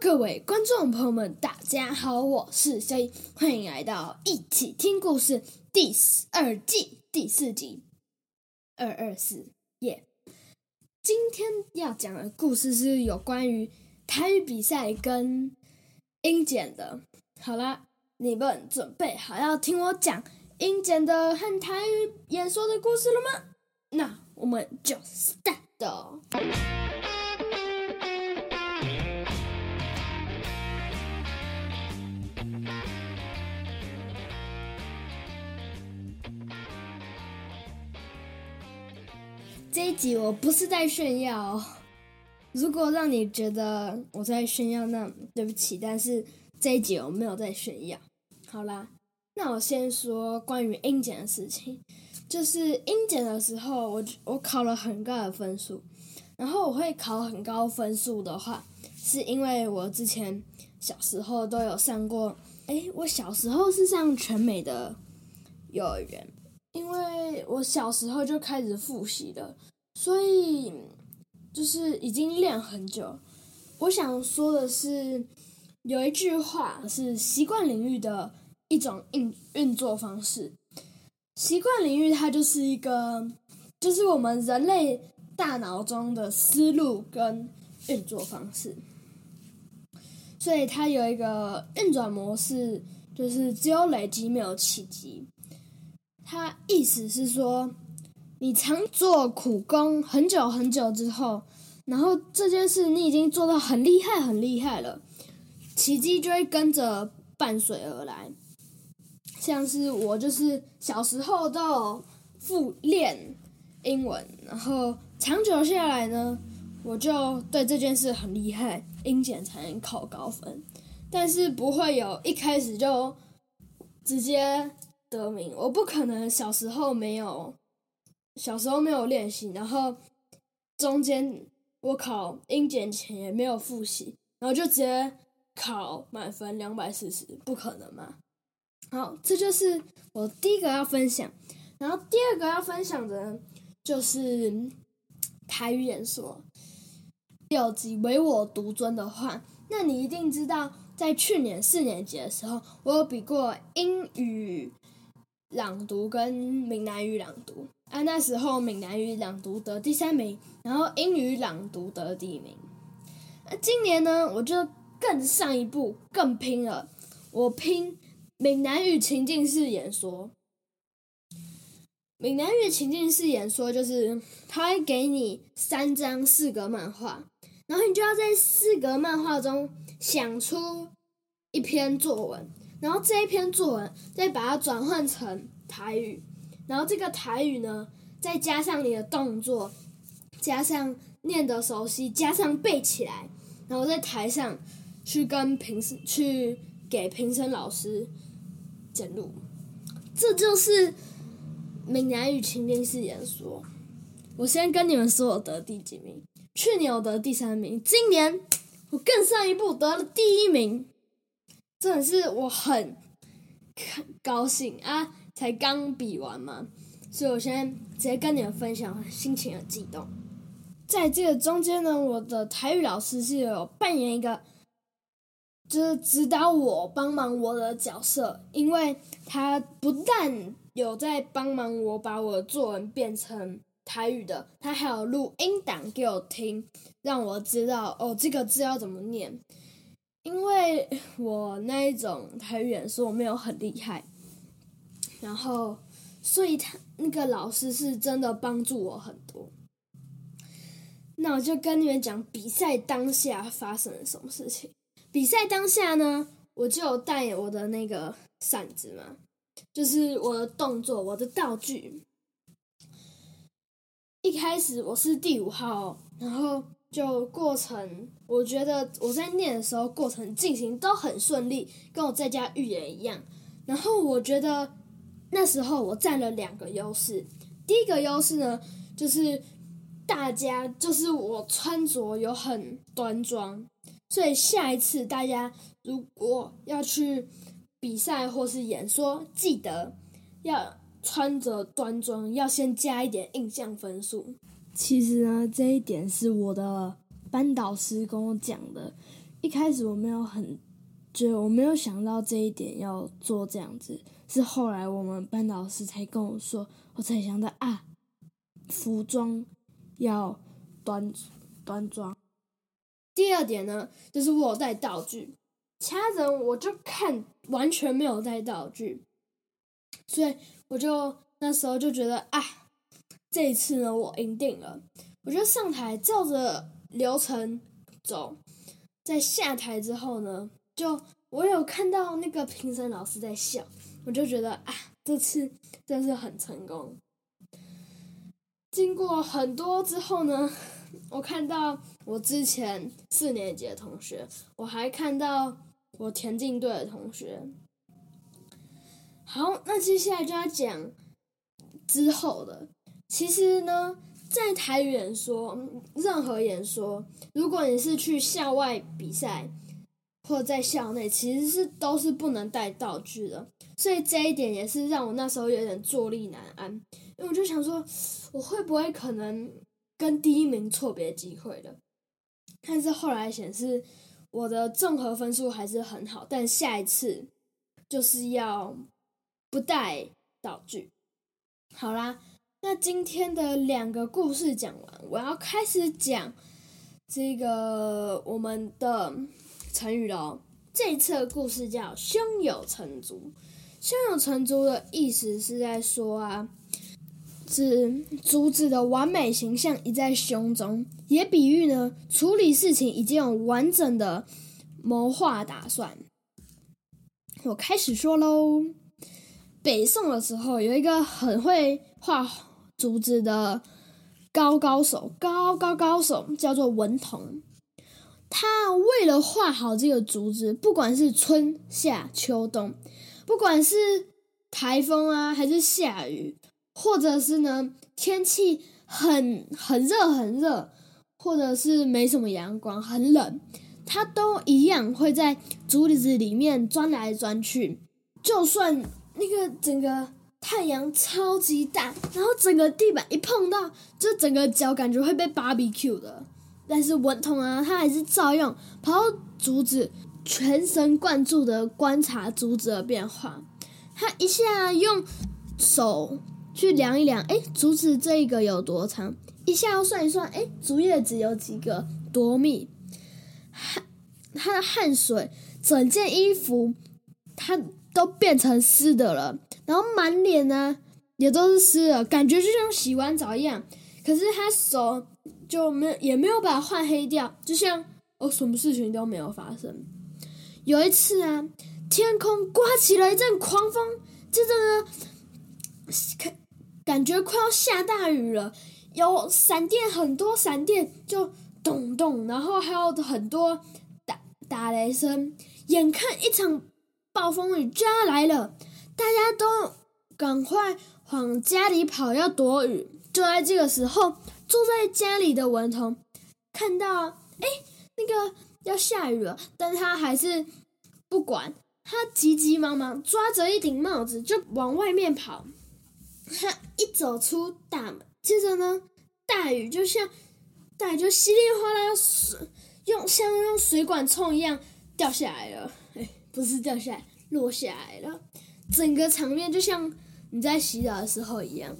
各位觀眾朋友們，大家好，我是小英，歡迎來到一起聽故事第二季第四集二二四，耶、yeah！今天要講的故事是有關於台語比賽跟英檢的。好啦，你們準備好要聽我講英檢的和台語演說的故事了嗎？那我們就 start、哦。這一集我不是在炫耀，如果讓你覺得我在炫耀那，那對不起。但是這一集我沒有在炫耀。好啦，那我先說關於英檢的事情，就是英檢的時候，我我考了很高的分數。然後我會考很高分數的話，是因為我之前小時候都有上過，哎、欸，我小時候是上全美的幼兒園。因為我小時候就開始複習的，所以就是已經練很久。我想說的是，有一句話是習慣領域的一種運運作方式。習慣領域它就是一個，就是我們人類大腦中的思路跟運作方式，所以它有一個運轉模式，就是只有累積，沒有奇蹟。他意思是說，你常做苦功很久很久之後，然後這件事你已經做到很厲害很厲害了，奇蹟就會跟着伴隨而來。像是我就是小時候都復練英文，然後長久下來呢，我就對這件事很厲害，英檢才能考高分，但是不會有一開始就直接。得名，我不可能小時候沒有小時候沒有練習，然後中間我考英檢前也沒有複習，然後就直接考滿分兩百四十，不可能嘛？好，這就是我第一個要分享，然後第二個要分享的，就是台語演說，第六集唯我獨尊的話，那你一定知道，在去年四年級的時候，我有比過英語。朗讀跟閩南語朗讀，啊那時候閩南語朗讀得第三名，然後英語朗讀得第一名。啊，今年呢，我就更上一步，更拼了。我拼閩南語情境式演說。閩南語情境式演說就是，他會給你三張四格漫畫，然後你就要在四格漫畫中想出一篇作文。然後這一篇作文，再把它轉換成台語，然後這個台語呢，再加上你的動作，加上念得熟悉，加上背起來，然後在台上，去跟評審，去給評審老師，檢錄，這就是閩南語情境式演說。我先跟你們說，我得第幾名？去年我得第三名，今年我更上一步，我得了第一名。真的是我很高興啊，才剛比完嘛，所以我現在直接跟你們分享心情很激動。在這個中間呢，我的台語老師是有扮演一個就是指導我、幫忙我的角色，因為他不但有在幫忙我把我的作文變成台語的，他還有錄音檔給我聽，讓我知道哦這個字要怎麼念。因為我那一種台語演說，所以我沒有很厲害，然後，所以他那個老師是真的幫助我很多。那我就跟你們講比賽當下發生了什麼事情。比賽當下呢，我就帶我的那個扇子嘛，就是我的動作，我的道具。一開始我是第五號，然後。就過程，我覺得我在念的時候，過程進行都很順利，跟我在家預演一樣。然後我覺得那時候我占了兩個優勢，第一個優勢呢，就是大家就是我穿着有很端莊，所以下一次大家如果要去比賽或是演說，記得要穿着端莊，要先加一點印象分數。其實呢，這一點是我的班導師跟我講的。一開始我沒有很，就我沒有想到這一點要做這樣子，是後來我們班導師才跟我說，我才想到啊，服裝要端端莊。第二點呢，就是我有帶道具，其他人我就看完全沒有帶道具，所以我就那時候就覺得啊。這一次呢，我贏定了。我就上台照着流程走，在下台之後呢，就我有看到那個評審老師在笑，我就覺得啊，這次真是很成功。經過很多之後呢，我看到我之前四年級的同學，我還看到我田徑隊的同學。好，那接下來就要講之後的。其實呢，在台語演說，任何演說，如果你是去校外比賽，或者在校內，其實是都是不能帶道具的。所以這一點也是讓我那時候有點坐立難安，因為我就想說，我會不會可能跟第一名錯別機會了？但是後來顯示我的綜合分數還是很好，但下一次就是要不帶道具。好啦。那今天的兩個故事講完，我要開始講這個我們的成語咯，這一次的故事叫“胸有成竹”。胸有成竹的意思是在說啊，指竹子的完美形象已在胸中，也比喻呢處理事情已經有完整的謀劃打算。我開始說嘍。北宋的時候，有一個很會畫。竹子的高高手，高高高手叫做文同。他為了畫好這個竹子，不管是春夏秋冬，不管是台風啊，還是下雨，或者是呢天氣很很熱很熱，或者是沒什麼陽光很冷，他都一樣會在竹子裡面鑽來鑽去。就算那個整個。太陽超級大，然後整個地板一碰到，就整個腳感覺會被 barbecue 的。但是文同啊，他還是照樣，跑到竹子，全神貫注的觀察竹子的變化。他一下用手去量一量，誒、欸，竹子這一個有多長？一下要算一算，誒、欸，竹葉子有幾個？多密？汗，他的汗水，整件衣服，他。都變成濕的了，然後滿臉呢也都是濕的，感覺就像洗完澡一樣。可是他手就沒有也沒有把它換黑掉，就像哦什麼事情都沒有發生。有一次啊，天空颳起了一陣狂風，接着呢，感感覺快要下大雨了，有閃電，很多閃電就咚咚，然後還有很多打打雷聲，眼看一場暴風雨就要來了，大家都趕快往家裡跑，要躲雨。就在這個時候，坐在家裡的文同看到，哎，那個要下雨了，但他還是不管，他急急忙忙抓着一頂帽子就往外面跑。他一走出大門，接着呢，大雨就像大雨就稀里嘩啦水，用像用水管沖一樣掉下來了。不是掉下來，落下來了。整個場面就像你在洗澡的時候一樣。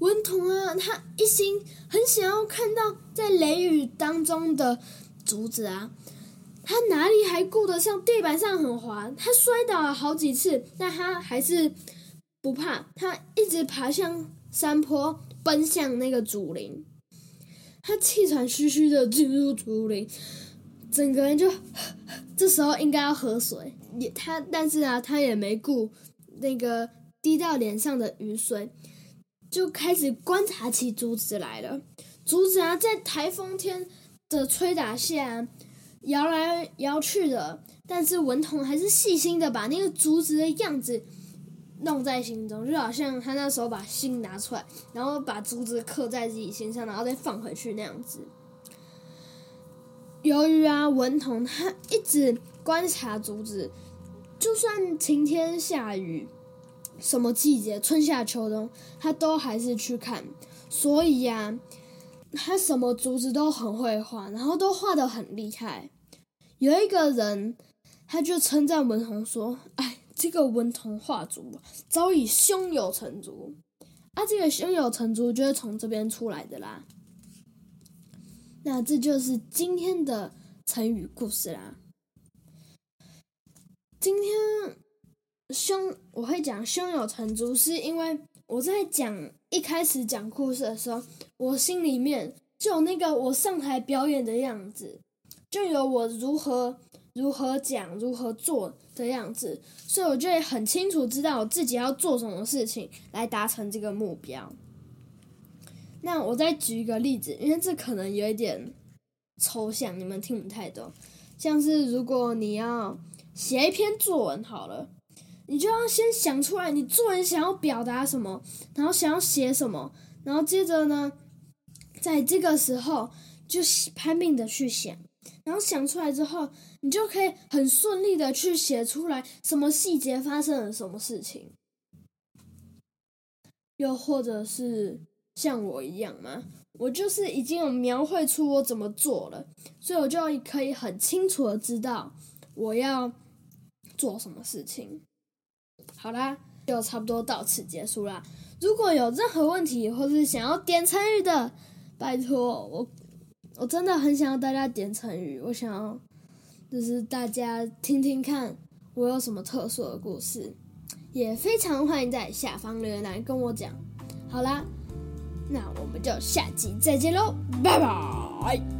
文同啊，他一心很想要看到在雷雨當中的竹子啊，他哪裡還顧得上地板上很滑？他摔倒了好幾次，但他還是不怕，他一直爬向山坡，奔向那個竹林。他氣喘吁吁的進入竹林，整個人就。這時候應該要喝水，也他，但是啊，他也沒顧那個滴到臉上的雨水，就開始觀察起竹子來了。竹子啊，在颱風天的吹打下搖來搖去的，但是文同還是細心的把那個竹子的樣子弄在心中，就好像他那時候把心拿出來，然後把竹子刻在自己心上，然後再放回去那樣子。由於啊，文同他一直觀察竹子，就算晴天下雨，什麼季節春夏秋冬，他都還是去看。所以呀、啊，他什麼竹子都很會畫，然後都畫的很厲害。有一個人，他就稱讚文同說：“哎，這個文同畫竹早已胸有成竹。”啊，這個胸有成竹就是從這邊出來的啦。那這就是今天的成語故事啦。今天胸，我會講胸有成竹，是因為我在講一開始講故事的時候，我心裡面就有那個我上台表演的樣子，就有我如何如何講、如何做的樣子，所以我就會很清楚知道我自己要做什麼事情來達成這個目標。那我再舉一個例子，因為這可能有一點抽象，你們聽不太懂。像是如果你要寫一篇作文好了，你就要先想出來你作文想要表達什麼，然後想要寫什麼，然後接着呢，在這個時候就拼命的去想，然後想出來之後，你就可以很順利的去寫出來什麼細節發生了什麼事情，又或者是。像我一樣嗎？我就是已經有描繪出我怎麼做了，所以我就可以很清楚的知道我要做什麼事情。好啦，就差不多到此結束啦。如果有任何問題或是想要點成語的，拜托我，我真的很想要大家點成語。我想要就是大家聽聽看我有什麼特殊的故事，也非常歡迎在下方留言來跟我講。好啦。那我們就下期再見嘍，拜拜。